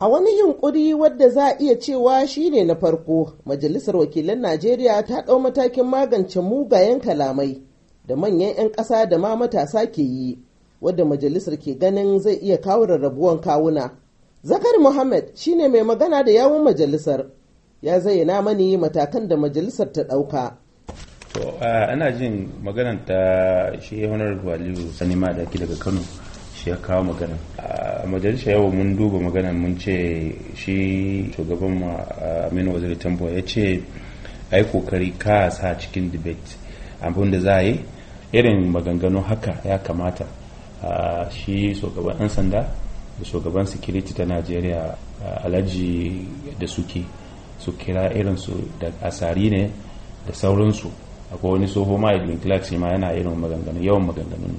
A wani yunkuri wadda za a iya cewa shi ne na farko, Majalisar Wakilan Najeriya ta ɗau matakin magance mugayen kalamai da manyan 'yan ƙasa da ma matasa ke yi, wadda majalisar ke ganin zai iya kawo rarrabuwan kawuna. Zakar Muhammad ne mai magana da yawun majalisar, ya zayyana mani matakan da majalisar ta ɗauka. To, ana jin maganar ta shi Honorable Sanima da daga Kano. shi ya kawo magana a majalisar yau mun duba magana mun ce shi shugaban aminu waziri tambo ya ce a yi kokari ka sa cikin debate abin da za a yi irin maganganu haka ya kamata shi shugaban 'yan sanda da shugaban security ta najeriya alhaji da suke su kira irinsu da asari ne da sauransu akwai wani soho ma clark shi ma yana irin maganganu yawan maganganu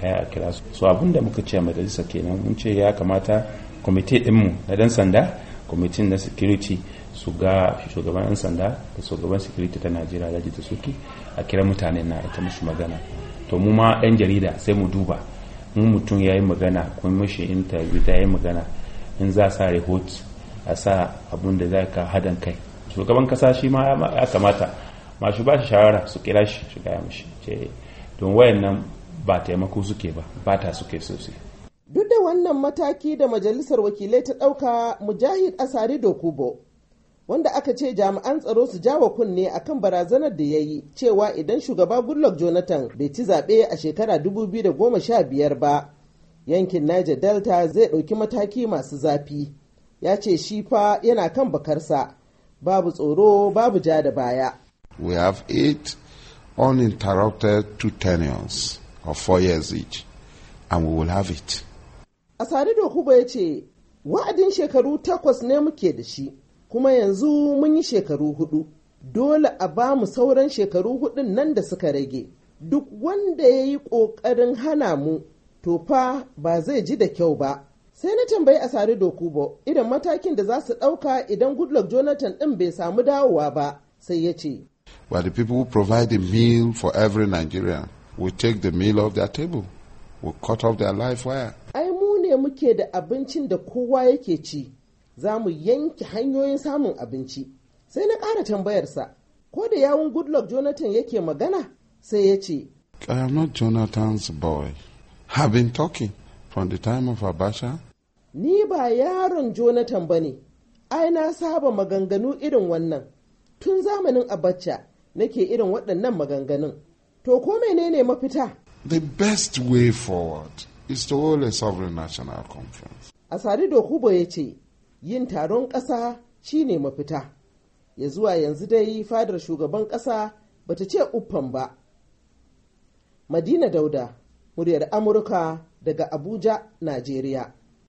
kaya a kira su so abin da muka ce a majalisa kenan mun ce ya kamata kwamiti dinmu na dan sanda kwamitin na security su ga shugaban yan sanda da shugaban security ta najeriya da ta suki a kira mutane na ita musu magana to mu ma yan jarida sai mu duba mu mutum ya yi magana kuma mashi interview ta yi magana in za sa report a sa abun da za ka hadan kai shugaban kasa shi ma ya kamata masu ba shi shawara su kira shi shiga ya mashi don wayan nan ba taimako suke ba ba ta suke sosai duk da wannan mataki da majalisar wakilai ta ɗauka mujahid asari Kubo, wanda aka ce jami'an tsaro su jawa kunne a kan barazanar da ya yi cewa idan shugaba goodluck jonathan bai ci zaɓe a shekara 2015 ba yankin niger delta zai ɗauki mataki masu zafi ya ce shi fa yana kan bakarsa babu tsoro babu ja da baya we have eight uninterrupted two of four years each, and we will have it. da Dokubo ya ce, wa'adin shekaru takwas ne muke da shi, kuma yanzu mun yi shekaru hudu. Dole a ba mu sauran shekaru hudun nan da suka rage. Duk wanda ya yi ƙoƙarin hana mu, to fa ba zai ji da kyau ba. Sai na tambayi Asare Dokubo irin matakin da za su ɗauka idan Goodluck Jonathan ɗin bai samu dawowa ba, sai ya ce. But the people who provide the meal for every Nigerian we take the meal off their table we cut off their life wire ai mu ne muke da abincin da kowa yake ci za mu yanke hanyoyin samun abinci sai na ƙara tambayarsa ko da yawun goodluck jonathan yake magana sai ya ce i am not jonathan's boy have been talking from the time of abasha ni ba yaron jonathan ba ne ai na saba maganganu irin wannan tun zamanin abacha nake irin waɗannan maganganun To ko menene mafita? The best way forward is to hold a sovereign national conference. Asari Dokubo ya ce, yin taron ƙasa ne mafita. Ya zuwa yanzu dai fadar shugaban ƙasa bata ce uffan ba. Madina Dauda, muryar Amurka daga Abuja, Najeriya.